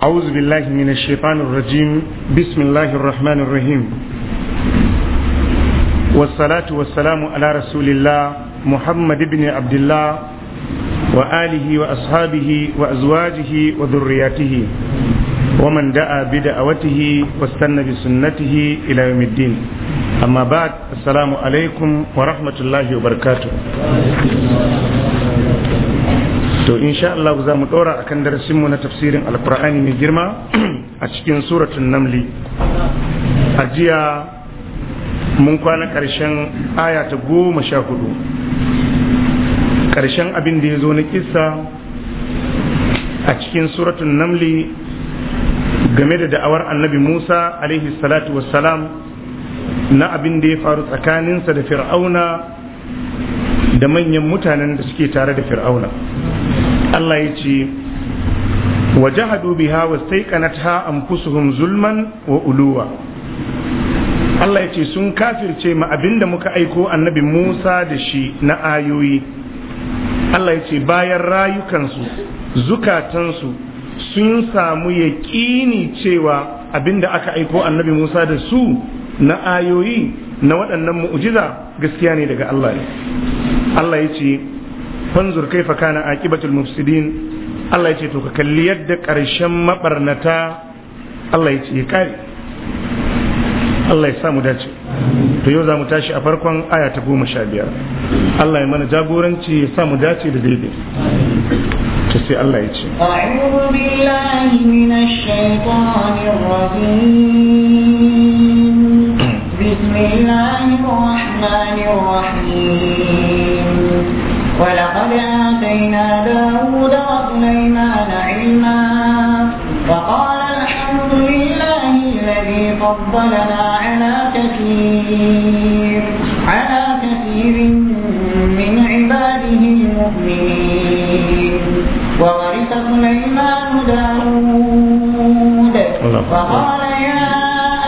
أعوذ بالله من الشيطان الرجيم بسم الله الرحمن الرحيم والصلاة والسلام على رسول الله محمد بن عبد الله وآله وأصحابه وأزواجه وذرياته ومن دعا بدعوته واستنى بسنته إلى يوم الدين أما بعد السلام عليكم ورحمة الله وبركاته to insha Allah za mu dora akan darasin mu na tafsirin alqur'ani mai girma a cikin suratul namli a jiya mun kwana karshen aya ta goma sha hudu karshen abin da ya zo na kissa a cikin suratul namli game da da'awar annabi musa alaihi salatu wassalam na abin da ya faru tsakaninsa da fir'auna da manyan mutanen da suke tare da fir'auna Allah ya ce jahadu biha wastaiqanatha anfusuhum zulman wa uluwa Allah ya ce sun kafirce ma abinda muka aiko annabi Musa da shi na ayoyi Allah ya ce bayan rayukansu zukatansu sun samu yaƙini cewa abinda aka aiko annabi Musa da su na ayoyi na waɗannan mu'jiza gaskiya ne daga Allah ne Allah ya ce fanzur kaifa kana aqibatul mufsidin Allah yace to ka kalli yadda karshen mabarnata Allah yace kai Allah ya sa mu dace to yau za mu tashi a farkon aya ta goma sha biyar Allah ya mana jagoranci ya sa mu dace da daidai to sai Allah ya a'udhu ولقد آتينا داود وسليمان علما وقال الحمد لله الذي فضلنا على كثير على كثير من عباده المؤمنين وورث سليمان داود وقال يا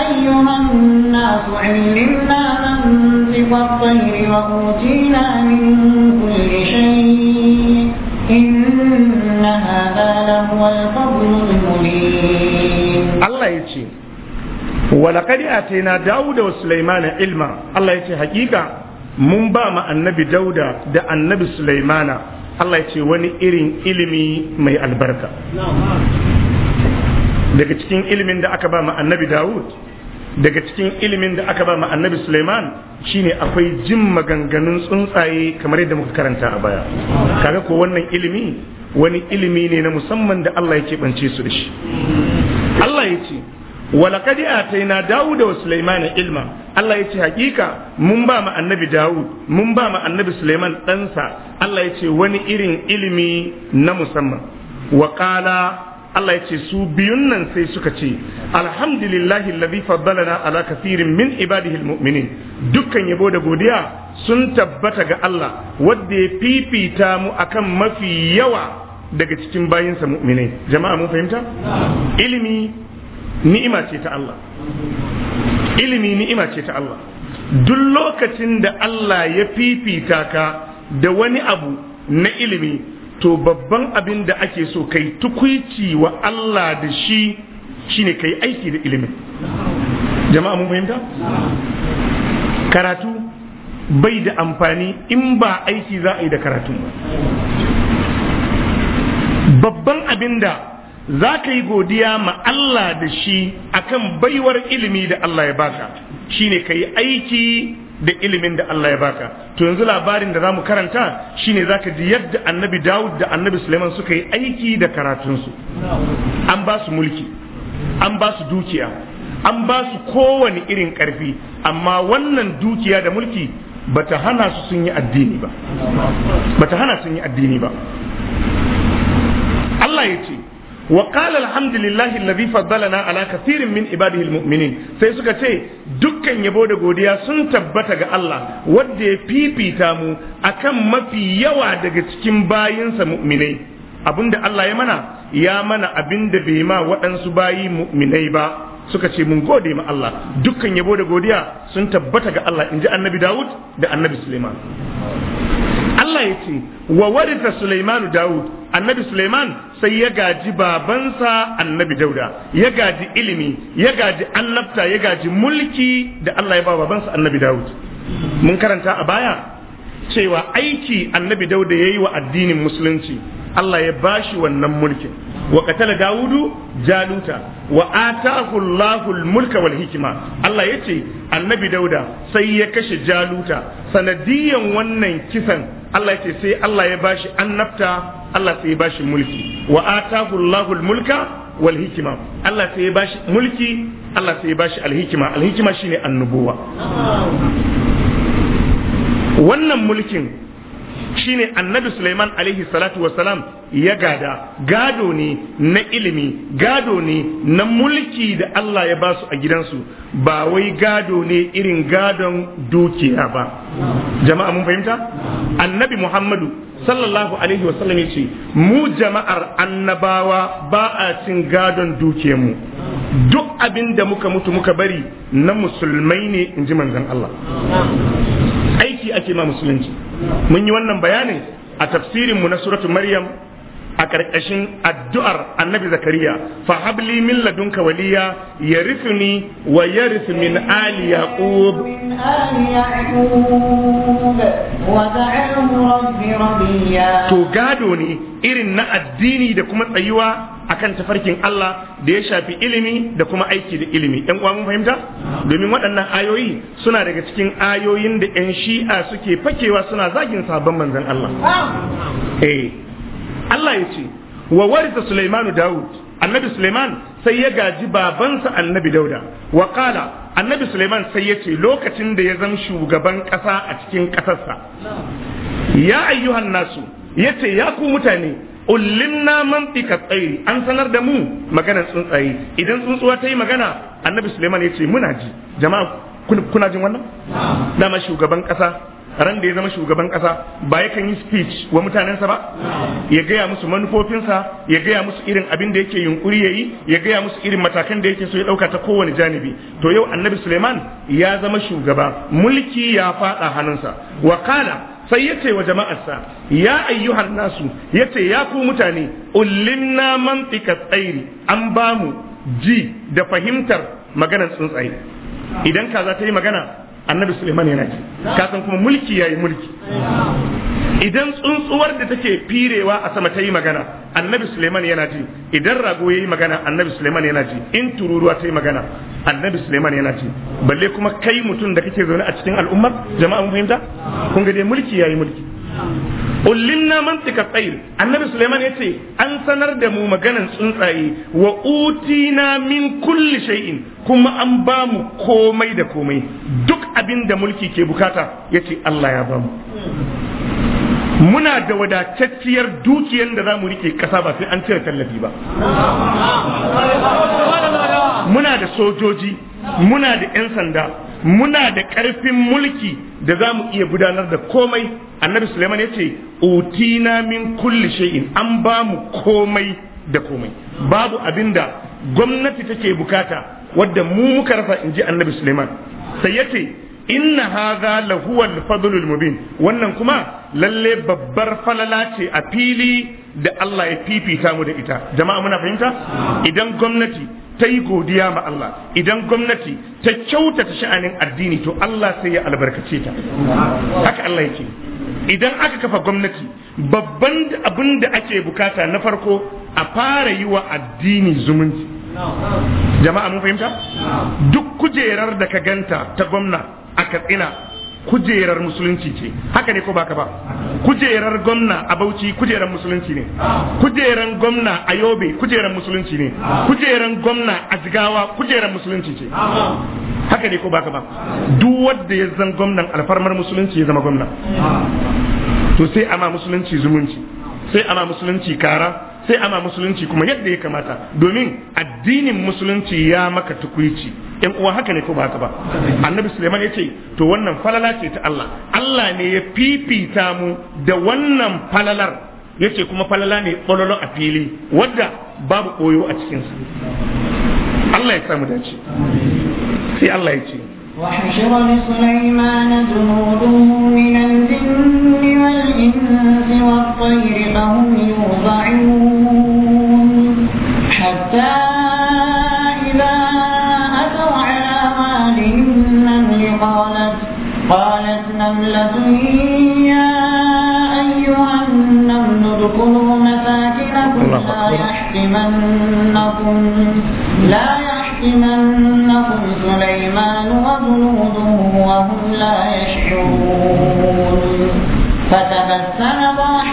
أيها الناس علمنا من والطير وأوتينا من كل شيء إن هذا لهو الفضل المبين الله يجي ولقد أتينا داود وسليمان علما الله يجي حقيقة mun ba ma annabi dauda da annabi sulaimana Allah ya ce wani irin ilimi mai albarka daga cikin ilimin da aka ba ma annabi dawud daga cikin ilimin da aka ba ma annabi Suleiman shine akwai jin maganganun tsuntsaye kamar yadda muka karanta a baya kaga ko wannan ilimi wani ilimi ne na musamman da Allah ya keɓance su da shi Allah ya ce walaqad ataina Dawud wa Suleiman ilma Allah ya ce hakika mun ba ma annabi Dawud mun ba ma annabi Suleiman ɗansa Allah ya ce wani irin ilimi na musamman wa qala Allah ya ce su biyun nan sai suka ce alhamdulillahi alladhi faddalana ala kathirin min ibadihi almu'minin dukkan yabo da godiya sun tabbata ga Allah wanda ya fifita mu akan mafi yawa daga cikin bayinsa mu'minai jama'a mun fahimta ilimi ni'ima ce ta Allah ilimi ni'ima ce ta Allah duk lokacin da Allah ya fifita ka da wani abu na ilimi to babban abin da ake so kai tukuici wa Allah da shi shine kai aiki da ilimin jama'a mun fahimta karatu bai da amfani in ba aiki za a yi da karatu. babban abin da za ka yi godiya ma Allah da shi akan baiwar ilimi da Allah ya baka shine kai aiki da ilimin da Allah ya baka to yanzu labarin da zamu karanta shine zaka ji yadda annabi Dawud da annabi Sulaiman suka yi aiki da karatunsu an ba su mulki an ba su dukiya an ba su kowane irin karfi amma wannan dukiya da mulki bata hana su sun yi addini ba bata hana sun yi addini ba Allah ya ce وقال الحمد لله الذي فضلنا على كثير من عباده المؤمنين sai suka ce dukkan yabo da godiya sun tabbata ga Allah wanda ya fifita mu akan mafi yawa daga cikin bayinsa mu'minai abinda Allah ya mana ya mana abinda bai ma waɗansu bayi mu'minai ba suka ce mun gode ma Allah dukkan yabo da godiya sun tabbata ga Allah inji annabi Dawud da annabi Suleiman Allah ya ce wa warita Suleimanu Dawud annabi Suleiman sai ya gaji babansa annabi dauda ya gaji ilimi ya gaji annabta ya gaji mulki da Allah ya ba babansa annabi daud mun karanta a baya cewa aiki annabi dauda ya yi wa addinin musulunci Allah ya bashi wannan mulkin wa qatala dawudu jaluta wa atahu mulka walhikima. hikma Allah yace annabi dauda sai ya kashe jaluta sanadiyan wannan kisan Allah yace sai Allah ya bashi annabta Allah sai ya bashi mulki wa atahu mulka wal Allah sai ya bashi mulki Allah sai ya bashi alhikima alhikima shine annubuwa wannan mulkin shine annabi Sulaiman alaihi salatu wassalam ya gada gado ne na ilimi gado ne na mulki da Allah ya basu a gidansu ba wai gado ne irin gadon dukiya ba jama'a mun fahimta annabi Muhammadu sallallahu alaihi wasallam ya ce mu jama'ar annabawa ba a cin gadon dukiyarmu duk abin da muka mutu muka bari na musulmai ne in ji manzon Allah aiki ake ma musulunci mun yi wannan bayanin a tafsirin mu na suratu maryam a ƙarƙashin addu'ar annabi zakariya fa habli min ladunka waliya ya rifini wa ya min ali yaqub to gado ne irin na addini da kuma tsayuwa akan tafarkin Allah da ya shafi ilimi da kuma aiki da ilimi ɗan uwa mun fahimta domin waɗannan ayoyi suna daga cikin ayoyin da ƴan shi'a suke fakewa suna zagin sabon manzan Allah eh Allah ya ce wa warisa Sulaimanu Dawud annabi Suleiman sai ya gaji babansa annabi Dauda wa kala annabi Suleiman sai ya ce lokacin da ya zama shugaban ƙasa a cikin ƙasarsa ya ayyuhan nasu ya ya ku mutane ullimna mantika tsairi an sanar da mu maganar tsuntsaye idan tsuntsuwa ta yi magana annabi suleiman ya ce muna ji jama'a kuna jin wannan dama shugaban kasa ran da ya zama shugaban kasa ba ya kan yi speech wa mutanensa ba ya gaya musu manufofinsa ya gaya musu irin abin da yake yunkuri ya yi ya gaya musu irin matakan da yake so ya dauka ta kowane janibi to yau annabi suleiman ya zama shugaba mulki ya fada hannunsa wa kana sai yace wa jama'arsa ya ayyuhan nasu yace ya ku mutane ullinna mantika tsairi an ba mu ji da fahimtar maganar tsuntsaye idan kaza ta yi magana annabi suleiman yana ji kasan kuma mulki yayi mulki idan tsuntsuwar da take firewa a sama ta yi magana annabi suleiman yana ji idan rago yayi magana annabi suleiman yana ji in tururuwa ta yi magana annabi suleiman yana ji balle kuma kai mutum da kake zaune a cikin al'umma jama'a mun fahimta kun ga dai mulki yayi mulki ullinna mantika tsayir annabi suleiman ya ce an sanar da mu maganan tsuntsaye wa utina min kulli shay'in kuma an ba mu komai da komai duk abin da mulki ke bukata ya ce allah ya ba mu muna da wadatacciyar dukiyar da za mu rike kasa ba sai an cire tallafi ba muna da sojoji muna da 'yan sanda muna da ƙarfin mulki da za mu iya gudanar da komai annabi suleiman ya ce utina min kulli shay'in an ba mu komai da komai babu abinda da gwamnati take bukata wadda mu muka rasa in ji annabi suleiman sai ya inna haza lahuwal fadlul mubin wannan kuma lalle babbar falala ce a fili da Allah ya fifita mu da ita jama'a muna fahimta idan gwamnati ta yi godiya ma Allah idan gwamnati ta kyautata sha'anin addini to Allah sai ya albarkace ta haka Allah yake idan aka kafa gwamnati babban abin da ake bukata na farko a fara yi wa addini zumunci jama'a mun fahimta duk kujerar da ka ganta ta gwamna a katsina kujerar musulunci ce haka ne ko baka ba kujerar gwamna a bauchi kujerar musulunci ne kujerar gwamna a yobe kujerar musulunci ne kujerar gwamna a jigawa kujerar musulunci ce haka ne ko baka ba duk wanda ya zan gwamnan alfarmar musulunci ya zama gwamna to sai ama musulunci zumunci sai ama musulunci kara sai ama musulunci kuma yadda ya kamata domin addinin musulunci ya maka tukuici yan uwa haka ne ko ba haka ba annabi suleiman ya ce to wannan falala ce ta Allah Allah ne ya fifita mu da wannan falalar ya ce kuma falala ne ɓololo a fili wadda babu koyo a cikinsa Allah ya samu dace sai Allah ya ce وحشر لسليمان جنوده من الجن والإنس والطير فهم نملة يا أيها النمل ادخلوا مساكنكم لا يحطمنكم لا يحطمنكم سليمان وجنوده وهم لا يشعرون فتبسم ضاحكا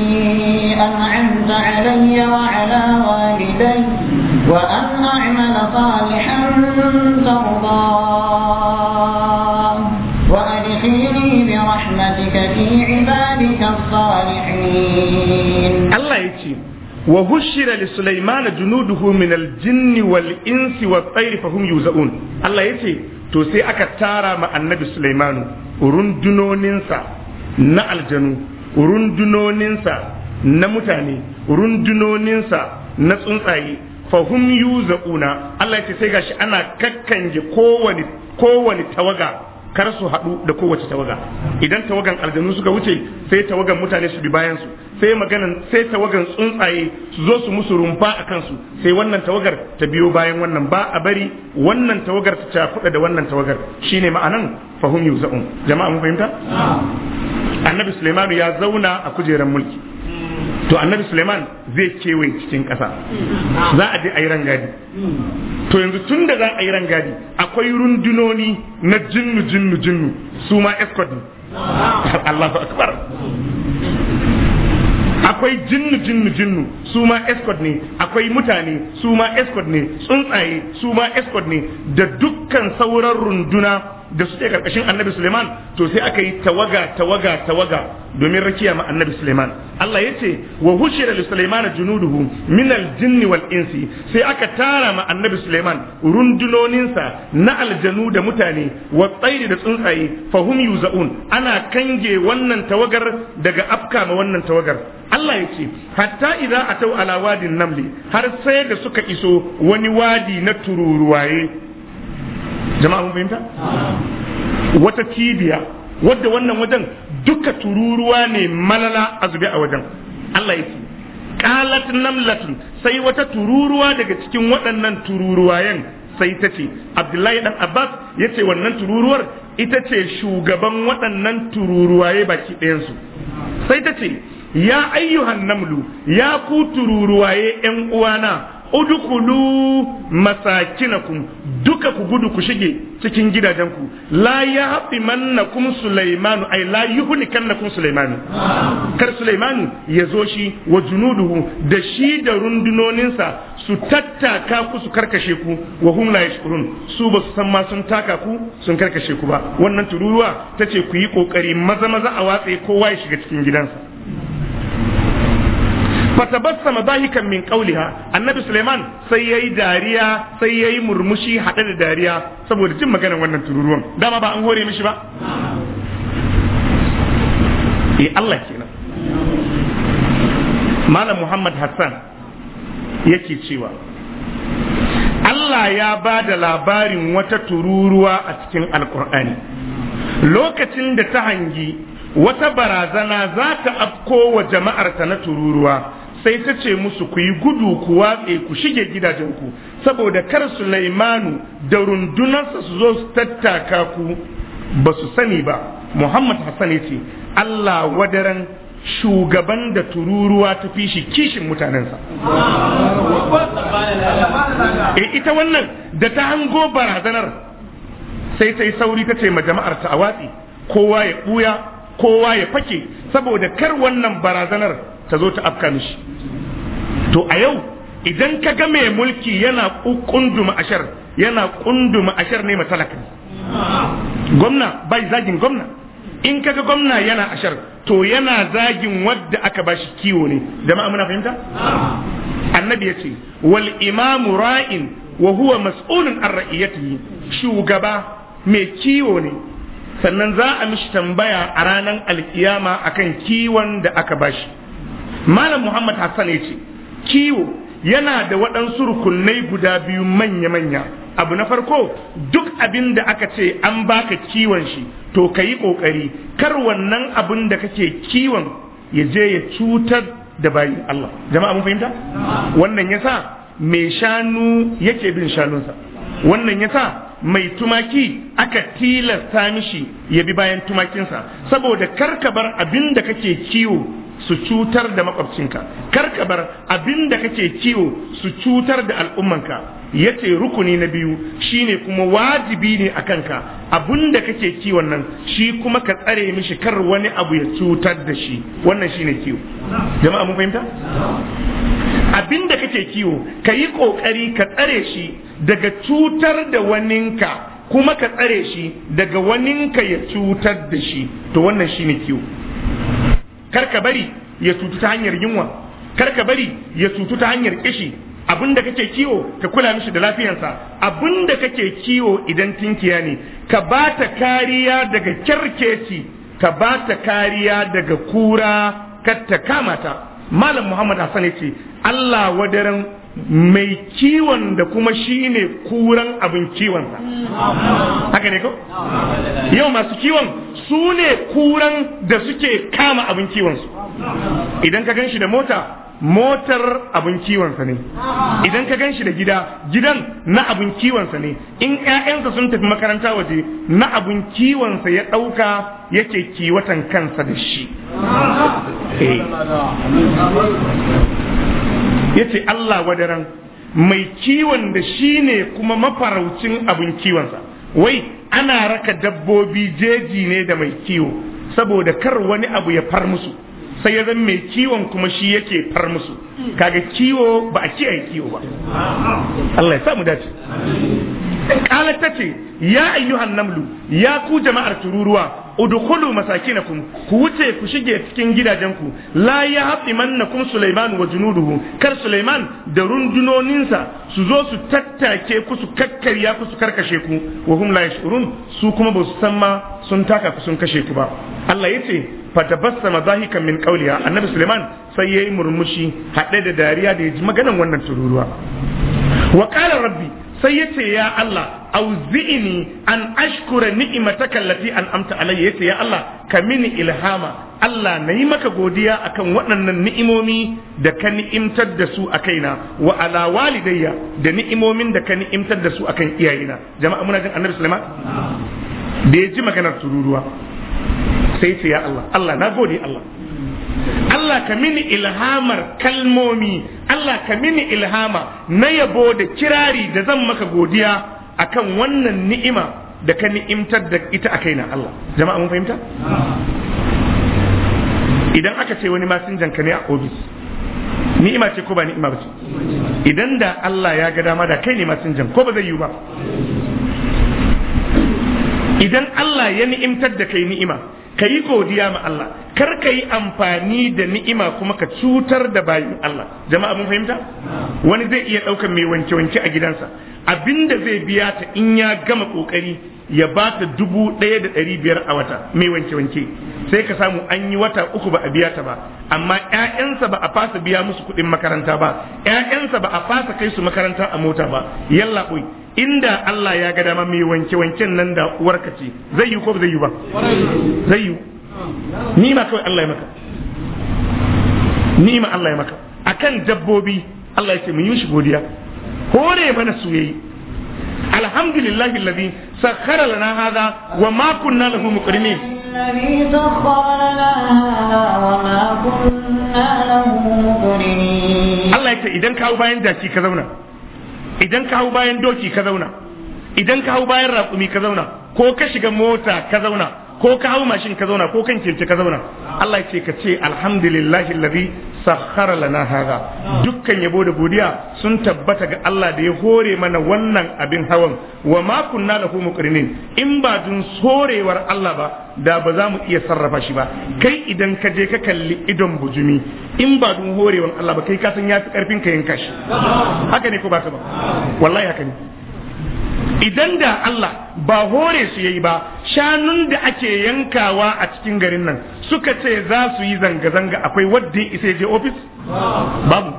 التي أنعمت علي وعلى والدي وأن أعمل صالحا ترضاه وأدخلني برحمتك في عبادك الصالحين الله يتيم وهشر لسليمان جنوده من الجن والإنس والطير فهم يوزعون الله يتي to sai aka tara ma annabi Sulaimanu rundunoninsa na aljanu rundunoninsa na mutane rundunoninsa na tsuntsaye yu na, Allah ce sai gashi ana kakkanje kowane kowane tawaga kar su haɗu da kowace tawaga idan tawagan aljanu suka wuce sai tawagan mutane su bi bayan su sai maganan sai tawagan tsuntsaye su zo su musu rumfa a kansu sai wannan tawagar ta biyo bayan wannan ba a bari wannan tawagar ta cakuɗa da wannan tawagar shine ma'anan fahum yuzaun jama'a mun fahimta annabi Suleiman ya zauna a kujerar mulki to annabi Suleiman zai kewaye cikin ƙasa za a je a yi rangadi to yanzu tun da za a yi rangadi akwai rundunoni na jinnu jinnu jinnu su ma escort ne Allahu akbar akwai jinnu jinnu jinnu su ma escort ne akwai mutane su ma escort ne tsuntsaye su ma escort ne da dukkan sauran runduna da suke karkashin annabi suleiman to sai aka yi tawaga tawaga tawaga domin rakiya ma annabi suleiman allah ya ce wa hushira li suleiman junuduhu min aljinni wal insi sai aka tara ma annabi suleiman rundunoninsa na aljanu da mutane wa tsairi da tsuntsaye fahum yuzaun ana kange wannan tawagar daga afka ma wannan tawagar Allah ya ce hatta idan a ala wadin namli har sai da suka iso wani wadi na tururuwaye jama'a mun fahimta wata cibiya wadda wannan wajen duka tururuwa ne malala a zube a wajen Allah ya ce qalat namlatun sai wata tururuwa daga cikin waɗannan tururuwayen sai ta ce Abdullahi dan Abbas yace wannan tururuwar ita ce shugaban waɗannan tururuwaye baki ɗayansu sai ta ce ya ayyuhan namlu ya ku tururuwaye ƴan uwana udkhulu masakinakum duka ku gudu ku shige cikin gidajenku la mannakum sulaimanu ay la kannakum sulaiman kar sulaiman ya zo shi wa junuduhu da shi da rundunoninsa su tattaka ku su karkashe ku wa hum la yashkurun su ba su san ma sun taka ku sun karkashe ku ba wannan tururuwa tace ku yi kokari maza maza a watse kowa ya shiga cikin gidansa fatabassama dahikan min qawliha annabi Suleiman sai yayi dariya sai yayi murmushi hade da dariya saboda jin maganar wannan tururuwan dama ba an hore mishi ba eh Allah kenan Malam Muhammad Hassan yake cewa Allah ya ba da labarin wata tururuwa a cikin Alƙur'ani lokacin da ta hangi wata barazana za ta afko wa jama'arta na tururuwa sai ta ce musu ku yi gudu ku watse ku shige gidajenku saboda kar laimanu da rundunarsa su zo su tattaka ku ba su sani ba Muhammad Hassan ya ce Allah wadaran shugaban da tururuwa ta fi shi kishin mutanensa e ita wannan da ta hango barazanar sai ta sauri ta ce ma jama'ar ta a watsi kowa ya ɓuya kowa ya fake saboda kar wannan barazanar ta zo ta afka mishi to a yau idan ka ga mai mulki yana kunduma ashar yana kunduma ashar ne matalaka gwamna bai zagin gwamna in kaga gwamna yana ashar to yana zagin wadda aka bashi kiwo ne jama'a muna fahimta annabi ya ce wal imamu ra'in wa huwa mas'ulun an ra'iyatihi shugaba mai kiwo ne sannan za a mishi tambaya a ranar alkiyama akan kiwon da aka bashi malam muhammad hassan ya ce kiwo yana da waɗansu rukunai guda biyu manya-manya abu na farko duk abin da aka ce an baka kiwon shi to ka yi ƙoƙari kar wannan abin da kake kiwon ya je ya cutar da bayin Allah jama'a mun fahimta wannan yasa mai shanu yake bin shanunsa wannan yasa mai tumaki aka tilasta mishi ya bi bayan tumakinsa saboda kar ka bar abin da kake kiwo su cutar da makwabcinka kar ka bar abin da kake kiwo su cutar da al'ummanka ya ce rukuni na biyu shine kuma wajibi ne a kanka abin da kake kiwon nan shi kuma ka tsare mishi kar wani abu ya cutar da shi wannan shine kiwo jama'a mun fahimta abin da kake kiwo ka yi ƙoƙari ka tsare shi daga cutar da waninka kuma ka tsare shi daga waninka ya cutar da shi to wannan shine kiwo karka bari ya tutu ta hanyar yunwa kar bari ya tutu ta hanyar kishi abin da kake kiwo ka kula mishi da lafiyansa abin da kake kiwo idan tinkiya ne ka ba ta kariya daga kyarkeci ka ba ta kariya daga kura kar ta kama ta malam muhammad hassan ce allah wadaran mai kiwon da kuma shi ne kuran abin kiwonsa haka ne ko yau masu kiwon su ne kuran da suke kama abin kiwonsu idan ka gan shi da mota motar abin kiwonsa ne idan ka gan shi da gida gidan na abin kiwonsa ne in 'ya'yansa sun tafi makaranta waje na abin kiwonsa ya ɗauka yake kiwatan kansa da shi eh. Ya ce, Allah wadaran mai kiwon da shi ne kuma mafaraucin abin kiwonsa wai ana raka dabbobi jeji ne da mai kiwo saboda kar wani abu ya far musu sai ya zama mai kiwon kuma shi yake far musu kaga kiwo ba a kiyaye kiwo ba Allah ya samu dace kala ta ce ya ayyuhan namlu ya ku jama'ar tururuwa udkhulu masakinakum ku wuce ku shige cikin gidajenku la ya haɓi mannakum Sulaiman wa junuduhu kar Sulaiman da rundunoninsa su zo su tattake ku su kakkarya ku su karkashe ku wa hum la yashurun su kuma ba su san ma sun taka ku sun kashe ku ba Allah ya ce fatabassama zahikan min qawliha annabi Suleiman sai yayi murmushi hade da dariya da ya ji maganan wannan tururuwa wa rabbi sai ya ce ya Allah auzi'ini an ashkura ni'imataka allati amta alayya yace ya Allah ka mini ilhama Allah na yi maka godiya akan waɗannan ni'imomi da ka ni'imtar da su a kaina wa ala walidayya da ni'imomin da ka ni'imtar da su akan iyayena jama'a muna jin annabi Sulaiman da ya ji maganar tururuwa sai ce ya Allah Allah na gode Allah Allah ka mini ilhamar kalmomi Allah ka mini ilhama na yabo da kirari da zan maka godiya akan wannan ni'ima da ka ni'imtar da ita a kaina Allah jama'a mun fahimta idan aka ce wani masinjan ka ne a ofis ni'ima ce ko ba ni'ima ba ce idan da Allah ya ga dama da kai ne masinjan ko ba zai yi ba idan Allah ya ni'imtar da kai ni'ima ka yi godiya ma Allah kar ka yi amfani da ni'ima kuma ka cutar da bayin Allah jama'a mun fahimta wani zai iya ɗaukar mai wanke-wanke a gidansa abinda zai biya ta in ya gama ƙoƙari ya ba ta dubu ɗaya da ɗari biyar a wata mai wanke-wanke sai ka samu an yi wata uku ba a biya ta ba amma ƴaƴansa ba a fasa biya musu kuɗin makaranta ba ƴaƴansa ba a fasa kai su makaranta a mota ba yalla inda Allah ya ga dama mai wanke wanken nan da uwarka ce zai yi ko zai yi ba zai yi ni ma kawai Allah ya maka ni ma Allah ya maka akan dabbobi Allah ya ce mu yi shi godiya hore mana su yayi alhamdulillah alladhi sakhara lana hadha wa ma kunna lahu muqrinin الذي سخر لنا هذا وما كنا له مقرنين الله يكفي idan ka hau bayan doki ka zauna idan ka hau bayan raƙumi ka zauna ko ka shiga mota ka zauna ko ka hau mashin ka zauna ko kan keke ka zauna Allah ce ka ce alhamdulillahi allazi sakhara lana hada dukkan yabo da godiya sun tabbata ga Allah da ya hore mana wannan abin hawan wa ma kunna lahu muqrinin in ba dun sorewar Allah ba da ba za mu iya sarrafa shi ba kai idan ka je ka kalli idon bujumi in ba dun horewar Allah ba kai ka san yafi karfin ka yanka shi haka ne ko ba ka ba wallahi haka ne idan da Allah ba hore su yayi ba shanun da ake yankawa a cikin garin nan suka ce za su yi zanga-zanga akwai wadda isa je ofis babu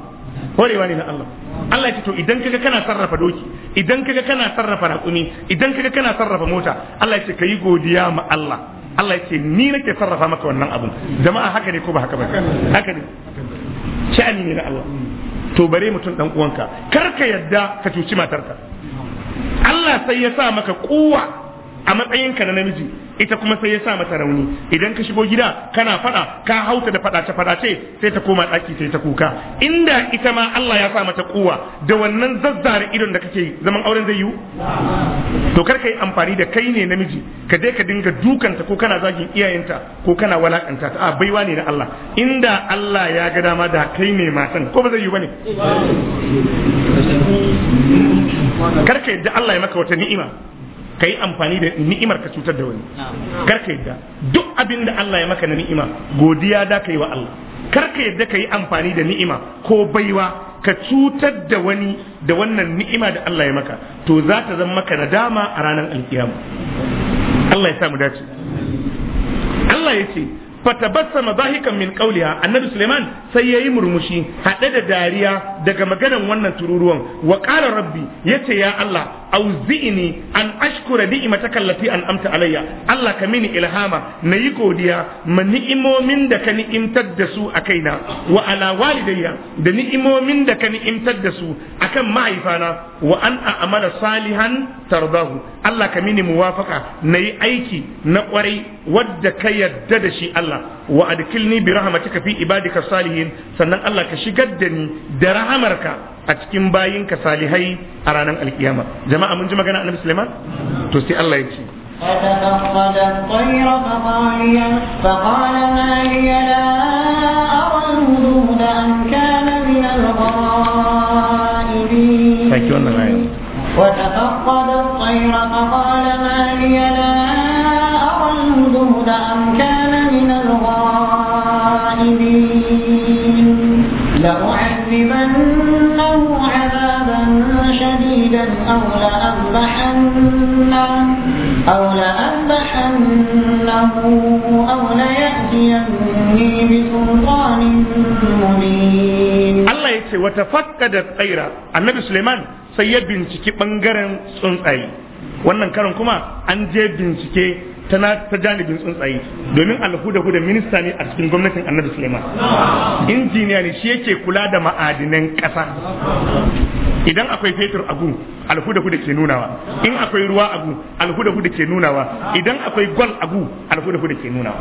horewa ne na Allah Allah ce to idan kaga kana sarrafa doki idan kaga kana sarrafa raƙumi idan kaga kana sarrafa mota Allah ce kai godiya ma Allah Allah ce ni nake sarrafa maka wannan abun jama'a haka ne ko ba haka ba haka ne sha'ani ne na Allah to bare mutum dan uwanka kar ka yadda ka cuci matarka Allah sai ya sa maka kuwa a matsayinka na namiji ita kuma sai ya sa mata rauni idan ka shigo gida kana fada ka hauta da fadace fadace sai ta koma daki sai ta kuka inda ita ma Allah ya sa mata kuwa da wannan zazzare idon da kake zaman auren zai yiwu to kar ka yi amfani da kai ne namiji ka je ka dinga dukanta ko kana zagin iyayenta ko kana walakanta ta a baiwa ne na Allah inda Allah ya ga dama da kai ne matan ko ba zai yiwu bane kar ka yadda Allah ya maka wata ni'ima kai amfani da ni'imar ka cutar da wani kar ka yadda duk abin da Allah ya maka na ni'ima godiya da kai wa Allah kar ka yadda ka yi amfani da ni'ima ko baiwa ka cutar da wani da wannan ni'ima da Allah ya maka to za ta zama maka nadama a ranar alkiyama Allah ya sa mu dace Allah ya ce fatabassama zahikan min qawliha annabi suleiman sai yayi murmushi hade da dariya daga maganan wannan tururuwan wa qala rabbi yace ya allah auzi'ini an ashkura ni'mataka allati an'amta alayya allah ka mini ilhama nayi godiya ma ni'imomin da ka ni'imtar da su a kaina wa ala walidayya da ni'imomin da ka ni'imtar da su akan mahaifana wa an a'mala salihan tardahu allah ka mini muwafaka nayi aiki na kwarai wadda ka yadda da shi Allah wa adkilni bi rahmatika fi ibadika salihin sannan Allah ka shigar da ni da rahamarka a cikin bayinka salihai a ranar alkiyama jama'a mun ji magana annabi Sulaiman to sai Allah ya ce فتفقد الطير فقال فقال ما لي لا أرى الهدود أم كان من الغائبين وتفقد الطير فقال ما لي لا الجنود أم كان من الغائبين لأعذبنه عذابا شديدا أو لأذبحنه أو لأذبحنه أو ليأتيني بسلطان مبين الله يتي وتفقد الطير النبي سليمان sai ya binciki ɓangaren tsuntsaye wannan karin kuma an je bincike ta ta janibin tsuntsaye domin alhuda huda minista ne a cikin gwamnatin annabi suleiman injiniya ne shi yake kula da ma'adinan ƙasa idan akwai fetur a gun alhuda huda ke nunawa in akwai ruwa a gun alhuda huda ke nunawa idan akwai gwal a gun alhuda huda ke nunawa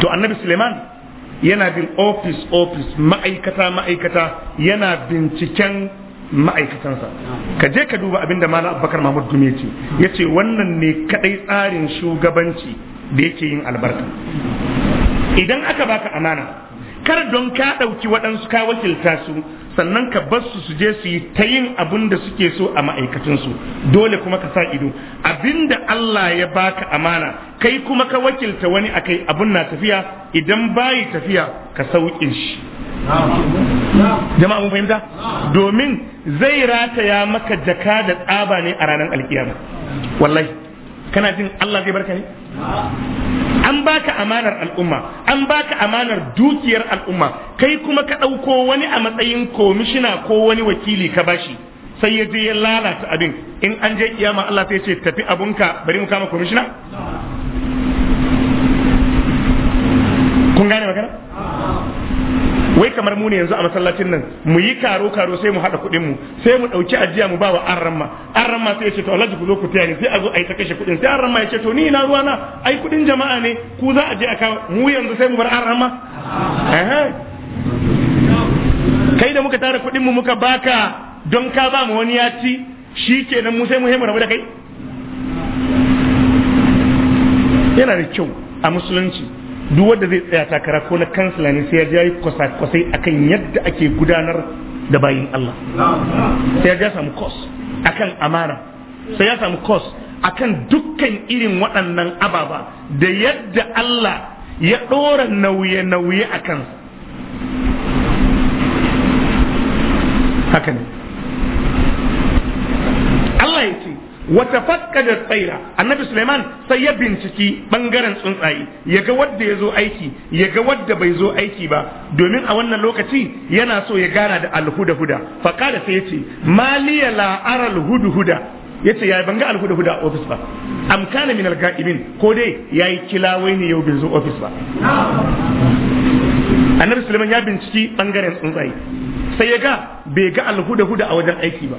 to annabi suleiman yana bin ofis ofis ma'aikata ma'aikata yana binciken ma'aikatansa ka je ka duba abinda malam abubakar mahmud dume ce ya ce wannan ne kadai tsarin shugabanci da yake yin albarka idan aka baka amana kar don ka ɗauki waɗansu ka wakilta su sannan ka bar su su je su yi ta yin abin da suke so a ma'aikatansu dole kuma ka sa ido abin da Allah ya baka amana kai kuma ka wakilta wani akai abun na tafiya idan bayi tafiya ka sauƙin shi jama'a mun fahimta domin zai rataya maka jaka da tsaba ne a ranar alkiyama wallahi kana jin Allah zai barka ne an baka amanar al'umma an baka amanar dukiyar al'umma kai kuma ka ɗauko wani a matsayin komishina ko wani wakili ka bashi sai ya je ya lalata abin in an je kiyama Allah sai ce tafi abunka bari mu kama komishina kun gane magana wai kamar mu ne yanzu a masallacin nan mu yi karo karo sai mu haɗa kuɗin mu sai mu ɗauki ajiya mu ba wa arramma arramma sai ya ce to Allah ku zo ku taya ni sai a zo a yi ta kashe kuɗin sai arramma ya ce to ni na ruwa na ai kuɗin jama'a ne ku za a je a kawo mu yanzu sai mu bar arramma kai da muka tara kuɗin mu muka baka don ka ba mu wani ya ci shi kenan mu sai mu rabu da kai yana da kyau a musulunci duk wanda zai tsaya takara ko na kansila ne sai ya ji kwasa-kwasai akan yadda ake gudanar da bayin Allah sai ya samu kos akan amana sai ya samu kos akan dukkan irin waɗannan ababa da yadda Allah ya ɗora nauye-nauye a kan. haka ne Allah ya ce wata kada tsaira annabi Suleiman sai ya binciki bangaren tsuntsaye ya ga wadda ya zo aiki ya ga wadda bai zo aiki ba domin a wannan lokaci yana so ya gana da alhuda huda faqala sai ce maliya la alhuda huda ya yi banga alhuda huda a ofis ba amkana min alga'ibin ko dai ya yi kilawai ne yau bai zo ofis ba annabi Suleiman ya binciki bangaren tsuntsaye sai ya ga bai ga alhuda a wajen aiki ba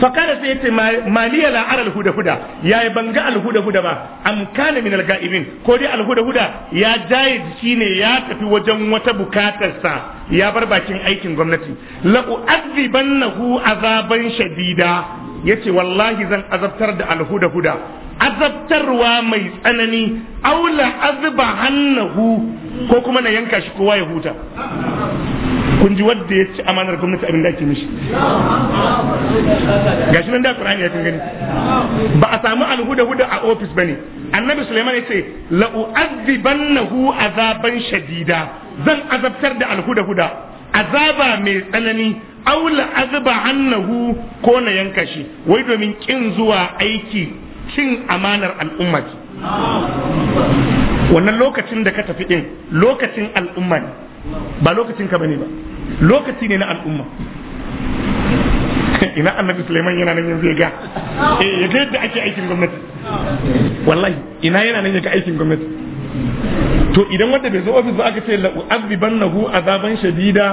fakara sai yace maliya la aral huda huda yayi banga al huda ba am kana min ga'ibin ko dai al huda ya jaye shine ya tafi wajen wata bukatarsa ya bar bakin aikin gwamnati la u'adhibannahu azaban shadida yace wallahi zan azabtar da alhuda huda azabtarwa mai tsanani aula azba hannahu ko kuma na yanka shi kowa ya huta kun ji wadda ya ci amanar gwamnati abin da ake mishi shi nan da Qur'ani ya gani ba a samu alhuda huda a ba bane annabi Sulaiman ya ce la u'adhibannahu azaban shadida zan azabtar da alhuda huda azaba mai tsanani aula azaba annahu ko na yanka shi wai domin kin zuwa aiki cin amanar al'umma wannan lokacin da ka tafi din lokacin al'umma ne ba lokacin ka bane ba lokaci ne na al'umma ina annabi Suleiman yana nan yanzu ya ga eh ya ga yadda ake aikin gwamnati wallahi ina yana nan ya ga aikin gwamnati to idan wanda bai zo ofis ba aka ce la'u'adhibannahu azaban shadida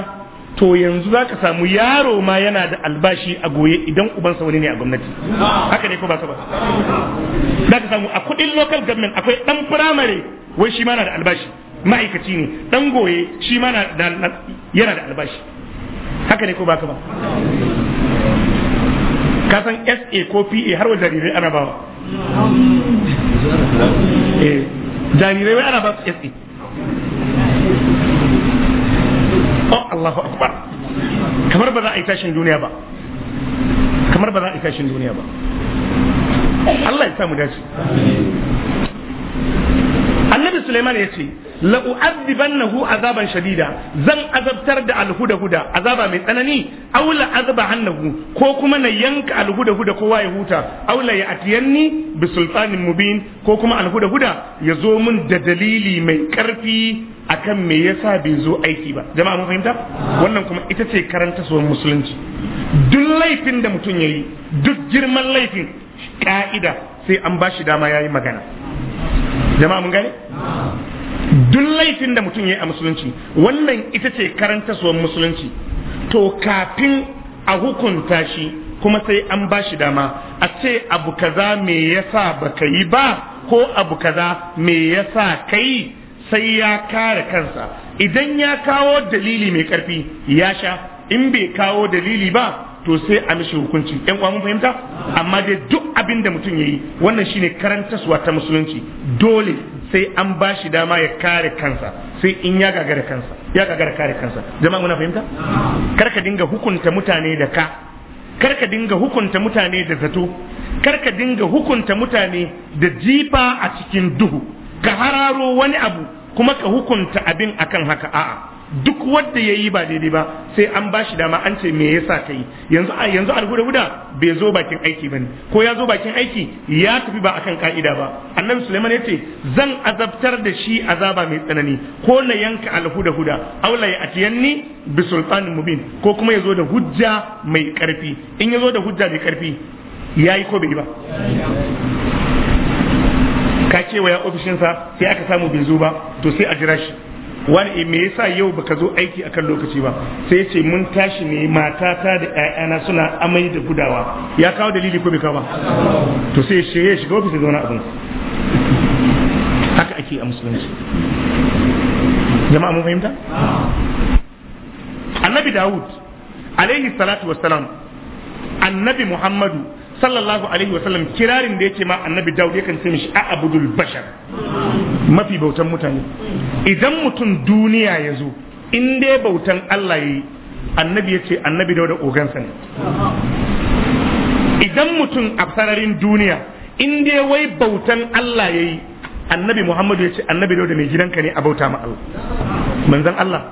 to yanzu zaka samu yaro ma yana da albashi a goye idan ubansa wani ne a gwamnati haka ne ko ba ka ba zaka samu a kudin local government akwai dan primary wai shi ma na da albashi ma'aikaci ne dan goye shi ma yana da albashi haka ne ko ba ka ba ka san sa ko pa har wa jarirai ana bawa eh, jarirai wai ana ba sa oh allahu akbar kamar ba za a yi tashin duniya ba kamar ba za a yi tashin duniya ba Allah ya samu dace Sulaiman ya ce la nahu azaban shadida zan azabtar da alhuda huda azaba mai tsanani aula azaba hannahu ko kuma na yanka alhuda huda kowa ya huta aw la ya'tiyanni bi sultanin mubin ko kuma alhuda huda ya zo mun da dalili mai karfi akan me yasa bai zo aiki ba jama'a mun fahimta wannan kuma ita ce karanta suwan musulunci duk laifin da mutum ya yi duk girman laifin ka'ida sai an bashi dama ya yi magana jama'a mun gane duk laifin da mutum ya yi a musulunci wannan ita ce karanta suwan musulunci to kafin a hukunta shi kuma sai an ba shi dama a ce abu kaza me yasa baka yi ba ko abu kaza me yasa kai sai ya kare kansa idan ya kawo dalili mai karfi ya sha in bai kawo dalili ba to sai a mishi hukunci yan kwamun fahimta amma dai duk abin da mutum ya yi wannan shine karantaswa ta musulunci dole sai an ba shi dama ya kare kansa sai in ya gagara kansa ya gagara kare kansa jama'a muna fahimta kar ka dinga hukunta mutane da ka kar ka dinga hukunta mutane da zato kar ka dinga hukunta mutane da jifa a cikin duhu ka hararo wani abu kuma ka hukunta abin akan haka a'a duk wanda ya yi ba daidai ba sai an bashi dama an ce me yasa ka yanzu yanzu yanzu alhuda huda bai zo bakin aiki bane ko ya zo bakin aiki ya tafi ba akan ka'ida ba annabi suleiman ya ce zan azabtar da shi azaba mai tsanani ko na yanka alhuda huda aula ya atiyanni bi sultanin mubin ko kuma ya zo da hujja mai karfi in ya zo da hujja mai karfi yayi ko bai ba ka ce wa ya ofishinsa sai aka samu bai ba to sai a jira shi wani eh, me yasa yau baka zo aiki akan lokaci ba sai ce mun tashi ne matata da ƴaƴana suna amai da gudawa ya kawo dalili ko bai kawo ba to sai shi ya eh, shiga ofis zauna abin haka ake a musulunci jama'a mun fahimta annabi dawud alaihi salatu wassalam annabi muhammadu sallallahu alaihi wa sallam kirarin da yake ma annabi Dawud yakan ce mishi a'budul bashar mafi bautan mutane idan mutum duniya ya zo in dai bautan Allah yi annabi ya ce annabi Dawud ogansa ne idan mutum a sararin duniya in dai wai bautan Allah yi annabi Muhammadu ya ce annabi Dawud mai gidanka ne a bauta ma Allah manzon Allah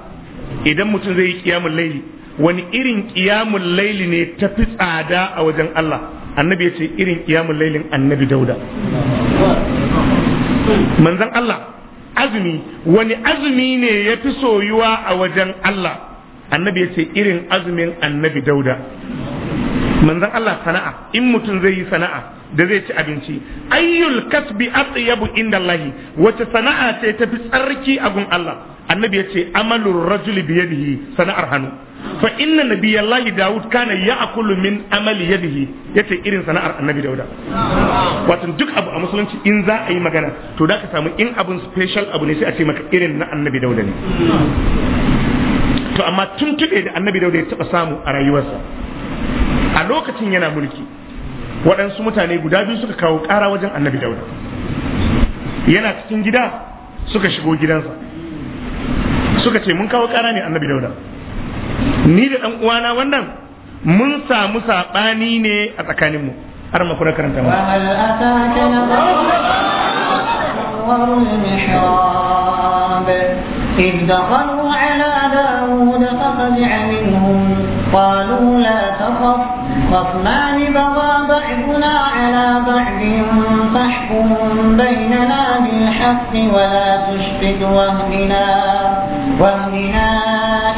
idan mutum zai yi kiyamul laili wani irin ƙiyamun laili ne ta fi tsada a wajen Allah annabi ya ce irin ƙiyamun lailin annabi dauda manzan Allah azumi wani azumi ne ya fi soyuwa a wajen Allah annabi ya ce irin azumin annabi dauda manzon Allah sana'a in mutum zai yi sana'a da zai ci abinci ayyul kasbi atyabu inda Allah wace sana'a ce ta fi tsarki a gun Allah annabi ya ce amalur rajuli yadihi sana'ar hannu fa inna nabiyallahi daud kana ya'kulu min amali yadihi yace irin sana'ar annabi daud wato duk abu a musulunci in za a yi magana to da ka samu in abun special abu ne sai a ce maka irin na annabi daud ne to amma tuntube da annabi dauda ya taba samu a rayuwarsa a lokacin yana mulki waɗansu mutane guda biyu suka kawo ƙara wajen annabi dauda yana cikin gida suka shigo gidansa suka ce mun kawo ƙara ne annabi dauda ni da ɗan uwana wannan mun samu saɓani ne a tsakaninmu har makura karanta mu إذ دخلوا على داود ففزع منهم قالوا لا تخف خصمان بغى بعضنا على بعض فاحكم بيننا بالحق ولا تشفق واهدنا واهدنا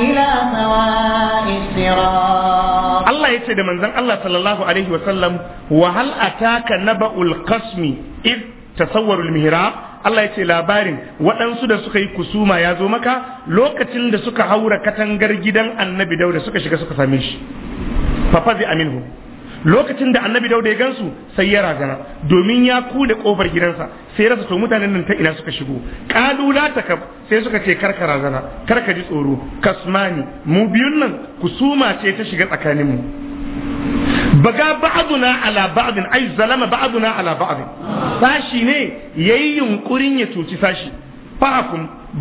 إلى سواء الصراط الله يتسد من زن الله صلى الله عليه وسلم وهل أتاك نبأ القسم إذ تصور المهراب Allah ya ce labarin waɗansu da suka yi kusuma ya zo maka lokacin da suka haura katangar gidan annabi dauda suka shiga suka same shi fa fazi aminhu lokacin da annabi dauda ya gansu sai ya razana domin ya kude kofar gidansa sai rasa to mutanen nan ta ina suka shigo kalu ta sai suka ce karka razana karka ji tsoro kasmani mu biyun nan kusuma ce ta shiga tsakanin mu baga ba'duna ala ba'din ai zalama ba'duna ala ba'din sashi ne yayi yunkurin ya tuci sashi fa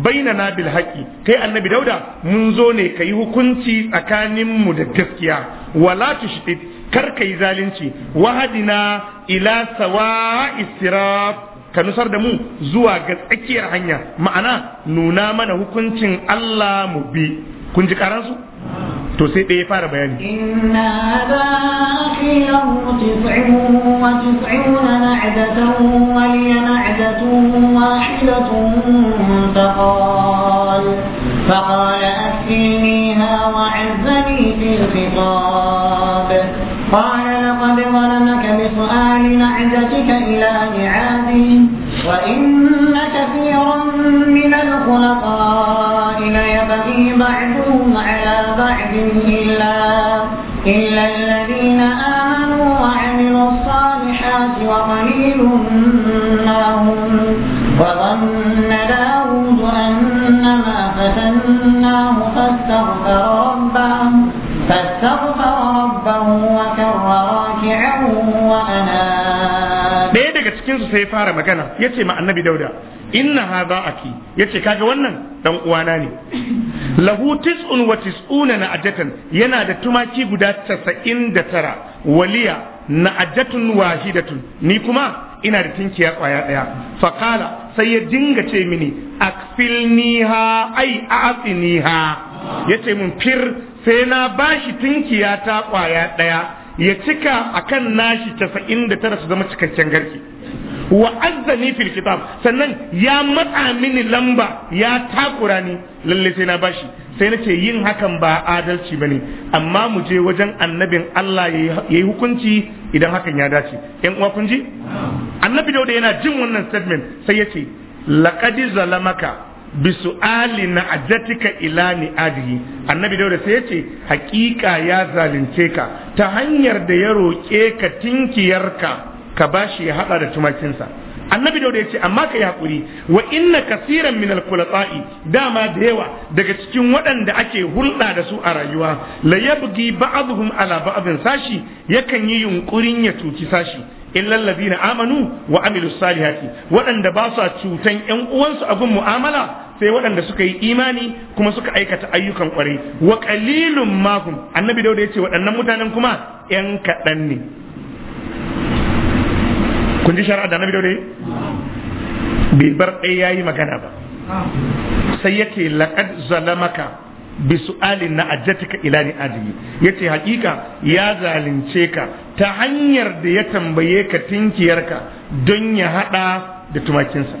bainana bil haƙi kai annabi dauda mun zo ne ka yi hukunci tsakaninmu da gaskiya wala tushdid kar ka yi zalunci wahadina ila sawa sirat ka nusar da mu zuwa ga tsakiyar hanya ma'ana nuna mana hukuncin Allah mu bi kun ji karansu to sai ɗaya fara bayani inna baqi lahu tis'un wa tis'una na'datan wa liya na'datun wahidatun faqal فقال أكفلنيها وعزني في الخطاب قال لقد ظلمك بسؤال نعجتك إلى ميعاده وإن كثيرا من الخلقاء يستوي بعضهم على بعض إلا, إلا الذين آمنوا وعملوا الصالحات وقليل ما هم وظن داود أن ما فتناه فاستغفر ربه فاستغفر ربه وكر راكعا وأناب cikin su sai ya fara magana yace ma annabi dauda inna hadha aki yace kaga wannan dan uwana ne lahu tis'un wa tis'una ajatan yana da tumaki guda 99 waliya ajatun wahidatun ni kuma ina da tinkiya kwaya daya faqala sai ya dinga ce mini akfilniha ai a'finiha yace mun fir sai na bashi tinkiya ta kwaya daya ya cika akan nashi tara su zama cikakken garki wa azzani fil kitab sannan ya matsa mini lamba ya takura ni lalle sai na bashi sai na ce yin hakan ba adalci ba ne. amma mu je wajen annabin Allah yayi hukunci idan hakan ya dace yan uwa kun ji annabi dauda yana jin wannan statement sai yace laqad zalamaka Ali na ajatika ila ni'adihi annabi dauda sai yace hakika ya zalunce ka ta hanyar da ya roke ka tinkiyarka ka ba shi ya haɗa da tumakinsa annabi dauda ya ce amma ka yi haƙuri wa inna kasiran min alkulata'i dama da yawa daga cikin waɗanda ake hulɗa da su a rayuwa la yabgi ba'dhum ala ba'dhin sashi yakan yi yunkurin ya cuci sashi lallabi na amanu wa amilus salihati waɗanda ba cutan ƴan uwansu a gun mu'amala sai waɗanda suka yi imani kuma suka aikata ayyukan kwarai wa qalilum mahum annabi dauda ya ce waɗannan mutanen kuma ƴan kaɗan ne kun ji shari'a da annabi daure bai bar ɗaya yayi magana ba sai yace laqad zalamaka bi su'alin na ajjatika ila ni adiyi yace hakika ya zalunce ka ta hanyar da ya tambaye ka tinkiyarka don ya hada da tumakinsa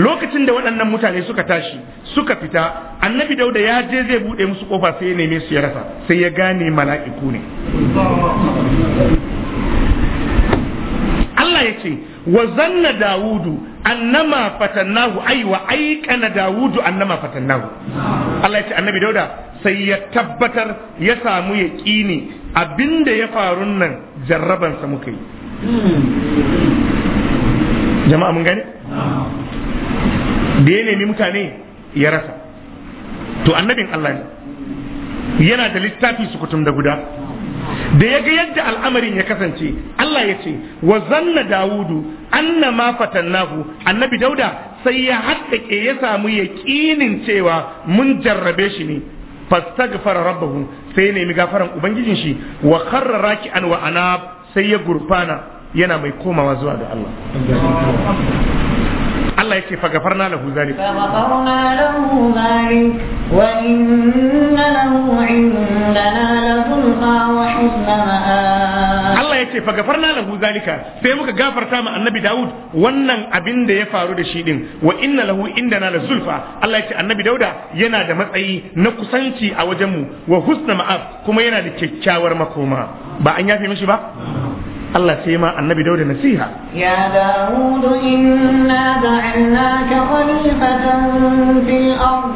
lokacin da waɗannan mutane suka tashi suka fita annabi dauda ya je zai bude musu kofa sai ya neme su ya rasa sai ya gane mala'iku ne ya ce wa zanna dawudu annama fatannahu ai wa aikana dawudu annama fatannahu Allah ya ce annabi dauda sai ya tabbatar ya samu ya kini abinda ya faru nan jarrabansa muka yi jama'a mun gane da ya nemi mutane ya rasa to annabin Allah ne yana da littafi su kutum da guda da ya ga yadda al'amarin ya kasance Allah ya ce wa zanna dawudu anna ma fatannahu annabi dauda sai ya haddake ya samu yaqinin cewa mun jarrabe shi ne fastaghfara rabbahu sai nemi gafaran ubangijin shi wa kharra raki'an wa anab sai ya gurfana yana mai komawa zuwa ga Allah Allah yake fa gafarna lahu zalik fa gafarna lahu zalik wa inna lahu indana lazulfa wa husna ma'a Allah yake fa gafarna lahu zalika sai muka gafarta ma annabi Dawud wannan abin da ya faru da shi din wa inna lahu indana lazulfa Allah yake annabi Dauda yana da matsayi na kusanci a wajen mu wa husna ma'a kuma yana da kyakkyawar makoma ba an yafe mishi ba الله سيما النبي داود نسيها يا داود إنا جعلناك خليفة في الأرض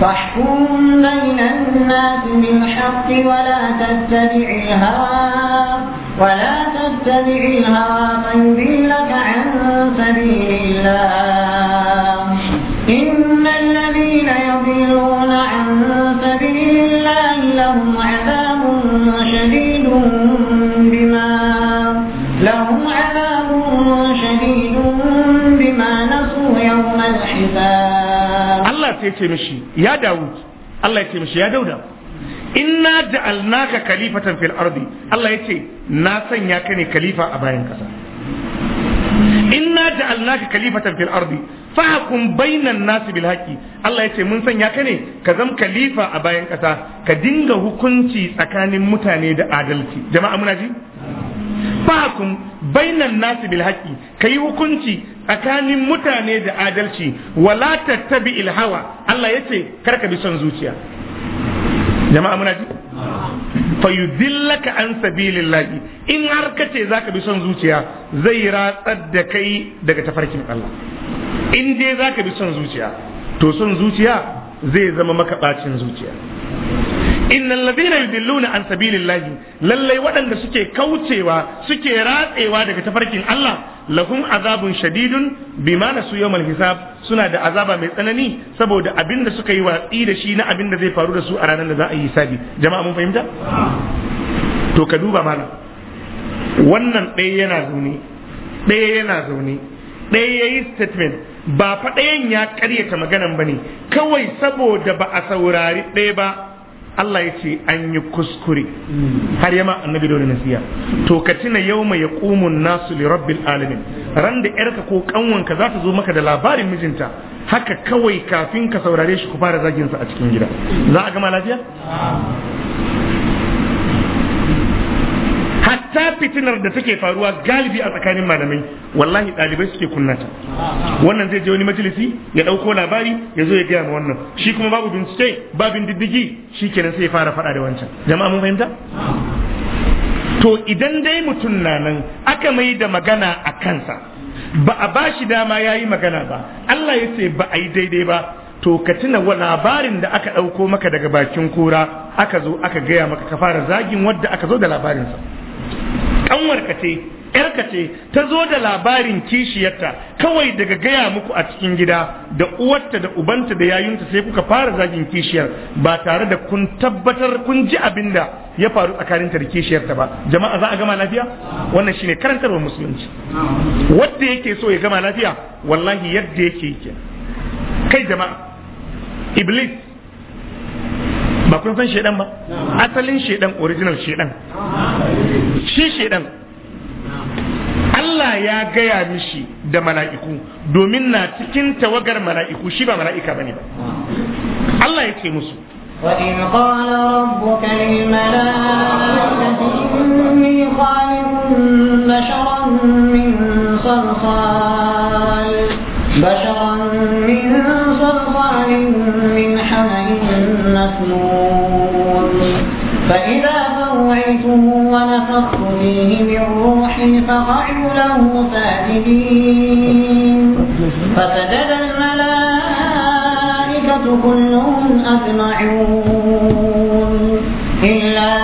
فاحكم بين الناس بالحق ولا تتبع الهوى ولا تتبع الهوى فيضلك عن سبيل الله sai ce mishi ya Dawud Allah ya ce mishi ya Dauda inna ja'alnaka khalifatan fil ardi Allah ya ce na sanya ka ne khalifa a bayan kasa inna ja'alnaka khalifatan fil ardi fahkum bainan nas bil haqqi Allah ya ce mun sanya ka ne ka zam khalifa a bayan kasa ka dinga hukunci tsakanin mutane da adalci jama'a muna ji fahkum bainan nas bil haqqi kai hukunci tsakanin mutane da adalci wala tattabi ilhawa Allah yace karka bi son zuciya jama'a muna ji fayudillaka an sabilillahi in har kace zaka bi son zuciya zai ratsar da kai daga tafarkin Allah in dai zaka bi son zuciya to son zuciya zai zama maka bacin zuciya innal ladina yudilluna an sabilillahi lallai waɗanda suke kaucewa suke ratsewa daga tafarkin Allah lahum azabun shadidun bima nasu yawmal hisab suna da azaba mai tsanani saboda abin da suka yi watsi da shi na abin da zai faru da su a ranar da za a yi hisabi jama'a mun fahimta to ka duba mana wannan ɗaya yana zaune ɗaya yana zaune ɗaya yayi statement ba fa ɗayan ya ƙaryata maganan ne kawai saboda ba a saurari ɗaya ba Allah ya ce an yi kuskure har yama annabi da nasiya to ka tuna yau mai ƙumun nasu li rabbil alamin ran da yarka ko kanwanka za ta zo maka da labarin mijinta haka kawai kafin ka saurare shi ku fara zaginsa a cikin gida za a gama lafiya ta fitinar da take faruwa galibi a tsakanin malamai wallahi ɗalibai suke kunnata wannan zai je wani majalisi ya ɗauko labari ya zo ya gaya ma wannan shi kuma babu bincike babin diddigi shi kenan sai ya fara faɗa da wancan jama'a mun fahimta to idan dai mutum na nan aka mai da magana a kansa ba a bashi dama ya yi magana ba Allah ya ce ba a yi daidai ba to ka tuna wa labarin da aka ɗauko maka daga bakin kura aka zo aka gaya maka ka fara zagin wadda aka zo da labarinsa kanwarka ce ƴarka ce ta zo da labarin kishiyarta kawai daga gaya muku a cikin gida da uwarta da ubanta da yayunta sai kuka fara zagin kishiyar ba tare da kun tabbatar kun ji abin da ya faru tsakaninta da kishiyarta ba jama'a za a gama lafiya wannan shine karantarwar musulunci wanda yake so ya gama lafiya wallahi yadda yake yake kai jama'a iblis ba kun san shedan ba asalin shedan original shedan shi shedan Allah ya gaya mishi da mala'iku domin na cikin tawagar mala'iku shi ba mala'ika bane ba Allah ya ce musu وإذ قال ربك للملائكة إني خالق بشرا من صلصال بشرا من صلصال مسنون فإذا فوعته ونفخت فيه من روحي فقعوا له ساجدين فسجد الملائكة كلهم أجمعون إلا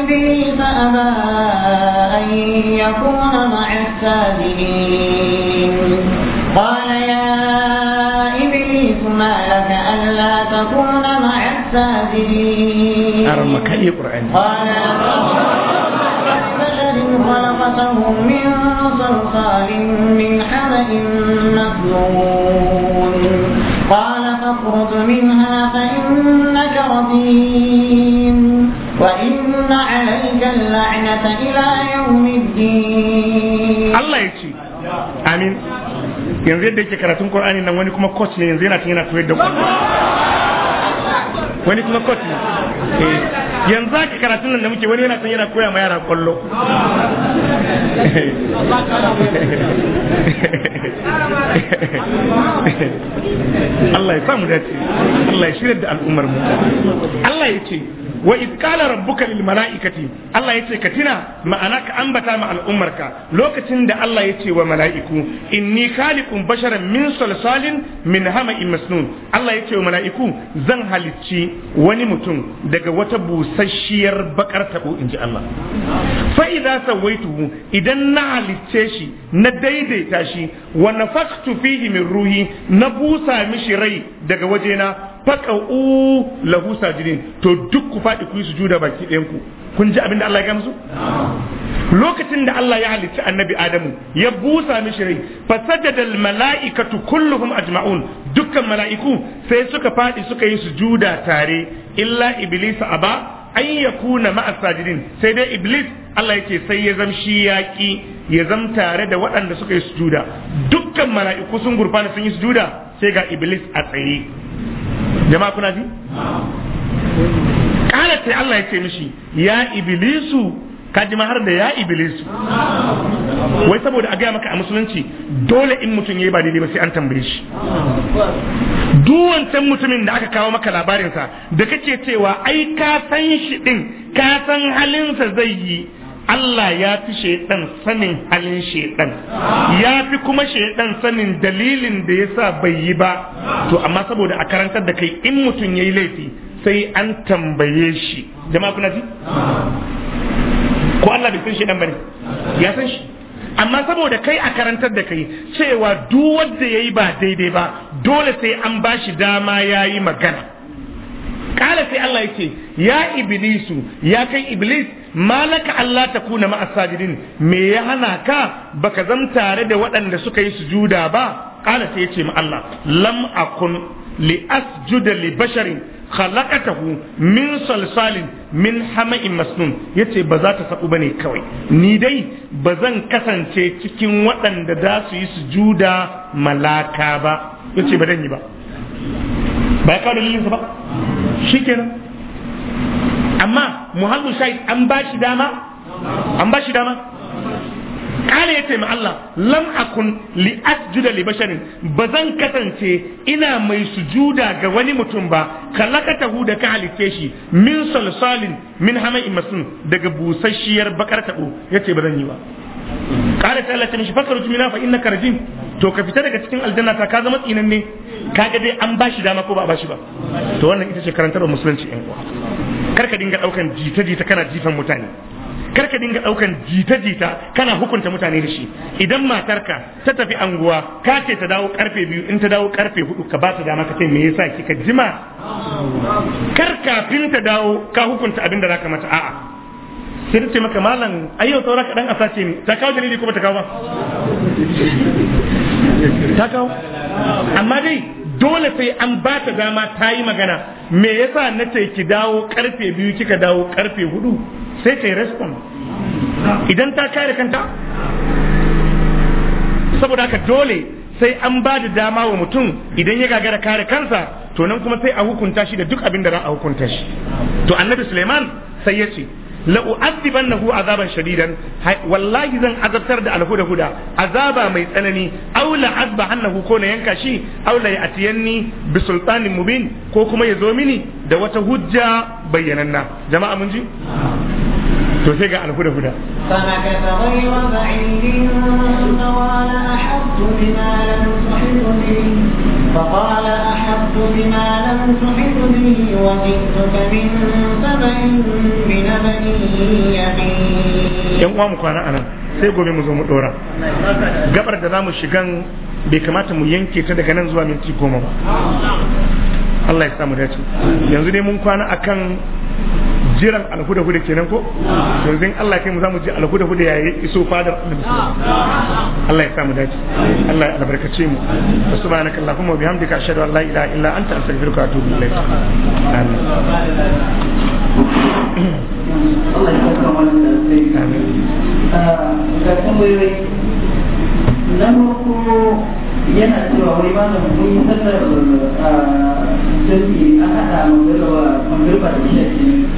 إبليس أبى أن يكون مع الساجدين قال يا إبليس ما لك ألا تكون الساجدين أرمك أي قرآن قال كالصخر خلقته من صلصال من حمأ مسنون قال فاخرج منها فإنك رجيم وإن عليك اللعنة إلى يوم الدين الله يجي آمين yanzu yadda yake karatun Qur'ani nan wani kuma coach ne yanzu yana tun yana koyar da Qur'ani quando it's not yanzu haka karatun nan da muke wani yana yana koya ma yara kwallo Allah ya samu dace Allah ya shirya da al'ummar mu Allah ya ce wa rabbuka lil mala'ikati Allah ya ce ka tina ma'ana ka ambata ma al'ummarka lokacin da Allah ya ce wa mala'iku inni khaliqun basharan min salsalin min hama'in masnun Allah ya ce wa mala'iku zan halicci wani mutum daga wata busa busasshiyar bakar tabo in ji Allah fa sawaituhu idan na halicce shi na daidaita shi wa nafakhtu fihi min ruhi na busa mishi rai daga wajena faqa'u lahu sajidin to duk ku faɗi ku yi sujuda baki ɗayan ku kun ji abin da Allah ya gamsu lokacin da Allah ya halicci annabi Adamu ya busa mishi rai fasajada al mala'ikatu kulluhum ajma'un dukkan mala'iku sai suka faɗi suka yi sujuda tare illa iblisa aba an yakuna ma'a sajidin sai dai iblis Allah yake sai ya zam shi yaƙi ya zam tare da waɗanda suka yi sujuda dukkan mala'iku sun gurfana sun yi sujuda sai ga iblis a tsaye jama'a kuna ji kala ta Allah ya ce mishi ya iblisu Ka ji har da ya iblis wai saboda a gaya maka a musulunci dole in mutum ya yi ba daidai ba sai an tambaye shi duk wancan mutumin da aka kawo maka labarinsa da kake cewa ai ka san shi din ka san halinsa zai yi Allah ya fi shaidan sanin halin shaidan ya fi kuma shaidan sanin dalilin da ya sa bai yi ba to amma saboda a karantar da kai in mutum ya yi laifi sai an tambaye shi jama'a kuna ji ko Allah bai san shi dan bane ya san shi amma saboda kai a karantar da kai cewa duk wanda yayi ba daidai ba dole sai an bashi dama yayi magana kala sai Allah yake ya iblisu ya kai iblis malaka Allah ta kuna ma asajidin me ya hana ka baka zam tare da waɗanda suka yi sujuda ba kala sai yace ma Allah lam akun li asjuda li basharin khalaqatahu min salsalin min hama'in masnun yace ba za ta sabu bane kawai ni dai ba zan kasance cikin waɗanda za su yi sujuda malaka ba yace ba dan yi ba ba ya kawo dalilinsa ba shikenan amma an ba shi dama an ba shi dama kare ya ce ma Allah lam akun li asjuda li basharin bazan kasance ina mai sujuda ga wani mutum ba hu da ka halitte shi min salsalin min hama imasun daga busasshiyar bakar tabo yace zan yi ba kare ta Allah ta mishi fakar jumina fa innaka rajim to ka fita daga cikin aljanna ta ka zama tsinan ne kaga dai an bashi dama ko ba bashi ba to wannan ita ce karantar musulunci yan uwa ka dinga daukan jita jita kana jifan mutane karka dinga daukan jita-jita kana hukunta mutane da shi idan matarka ta tafi anguwa ka ce ta dawo karfe biyu in ta dawo karfe hudu ka ba ta dama ka ce me yasa kika jima kar kafin ta dawo ka hukunta abin da ka mata a'a sai ta ce maka malam ayyau saura ka dan asa ce ni ta kawo dalili ko ta kawo ba ta kawo amma dai dole sai an ba ta dama ta yi magana me yasa na ce ki dawo karfe biyu kika dawo karfe hudu sai ta yi respon idan ta kare kanta saboda haka dole sai an ba da dama wa mutum idan ya gagara kare kansa to nan kuma sai a hukunta shi da duk abin da za a hukunta shi to annabi suleiman sai ya ce la'u la nahu azaban shadidan wallahi zan azabtar da alhuda huda azaba mai tsanani aula la azbahannahu ko na yanka shi aula ya ya'tiyanni bi sultanin mubin ko kuma ya zo mini da wata hujja bayyananna jama'a mun ji to sai ga alhuda huda فمكث فقال أحبت بما لم تحب به وجئتك من سبأ بنبأ يقين يوم uwa mu kwana anan sai gobe mu zo mu dora gabar da za mu shigan bai kamata mu yanke ta daga nan zuwa minti goma ba Allah ya samu dace yanzu dai mun kwana akan jiran alhuda huda kenan ko yanzu in Allah kai mu za mu ji alhuda huda ya yi iso fadar Allah ya samu dace Allah ya albarkace mu subhanaka allahumma wa bihamdika ashhadu an la ilaha illa anta astaghfiruka wa atubu ilayk amin Allah ya saka mana sai amin ga tambayoyi na farko yana cewa wai ba malam mun yi da a uh, jami'i an haɗa mangarba da shafi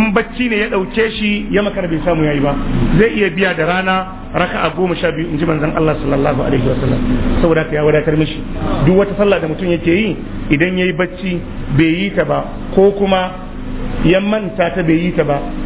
kun bacci ne ya ɗauke shi ya makara bai samu yayi ba zai iya biya da rana raka'a goma sha biyu in ji manzon Allah sallallahu alaihi Sallam. saboda ka ya wadatar mishi duk wata sallah da mutum yake yi idan yayi bacci bai yi ta ba ko kuma ya manta ta bai yi ta ba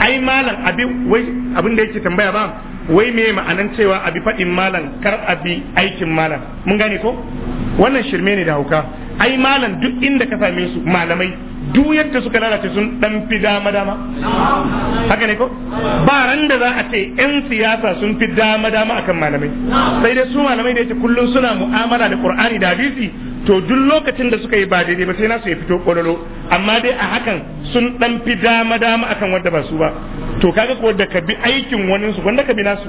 ai malam abi wai abin da yake tambaya ba wai me ma'anan cewa abi faɗin malam kar abi aikin malam mun gane ko wannan shirme ne da hauka ai malam duk inda ka same su malamai duk yadda suka lalace sun dan fi dama dama haka ne ko ba ran da za a ce yan siyasa sun fi dama dama akan malamai sai dai su malamai da yake kullun suna mu'amala da qur'ani da hadisi to duk lokacin da suka yi ba daidai ba sai nasu ya fito kololo amma dai a hakan sun dan fi dama dama akan wanda ba su ba to kaga ko da ka bi aikin wani su wanda ka bi nasu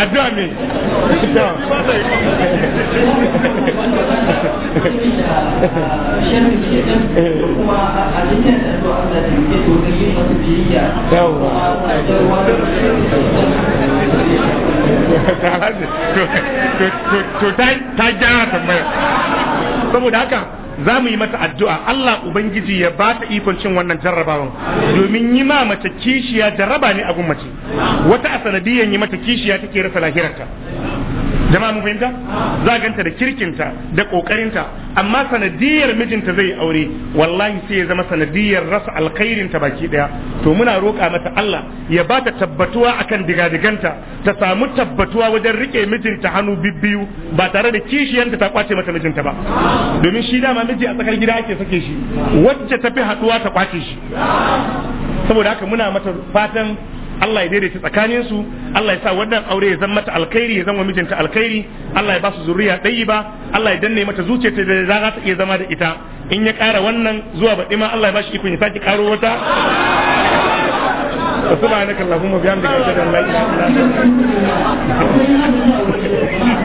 addu'a me to ta saboda haka za mu yi mata addu'a Allah ubangiji ya ba ta ikon cin wannan jarrabawan domin yi ma mace kishiya jarraba ne a gummace wata a sanadiyan yi mata kishiya take rasa lahirarta jama'a mu fahimta za ganta da kirkinta da kokarinta amma sanadiyar mijinta zai aure wallahi sai ya zama sanadiyar rasa alkhairin ta baki daya to muna roƙa mata Allah ya ba ta tabbatuwa akan digadiganta ta samu tabbatuwa wajen rike mijinta hannu bibbiyu ba tare da kishiyanta ta kwace mata mijinta ba domin shi dama miji a tsakar gida ake sake shi wacce tafi haduwa ta kwace shi saboda haka muna mata fatan Allah ya daidaita tsakanin su Allah ya sa wannan aure ya zama mata alkhairi ya zama mijinta alkhairi Allah ya ba su zuriya ba Allah ya danne mata zuciyarta da za ta iya zama da ita in ya ƙara wannan zuwa baɗi ma Allah ya ba shi ikon ya sake ƙaro wata سبحانك اللهم وبحمدك اشهد ان لا اله الا انت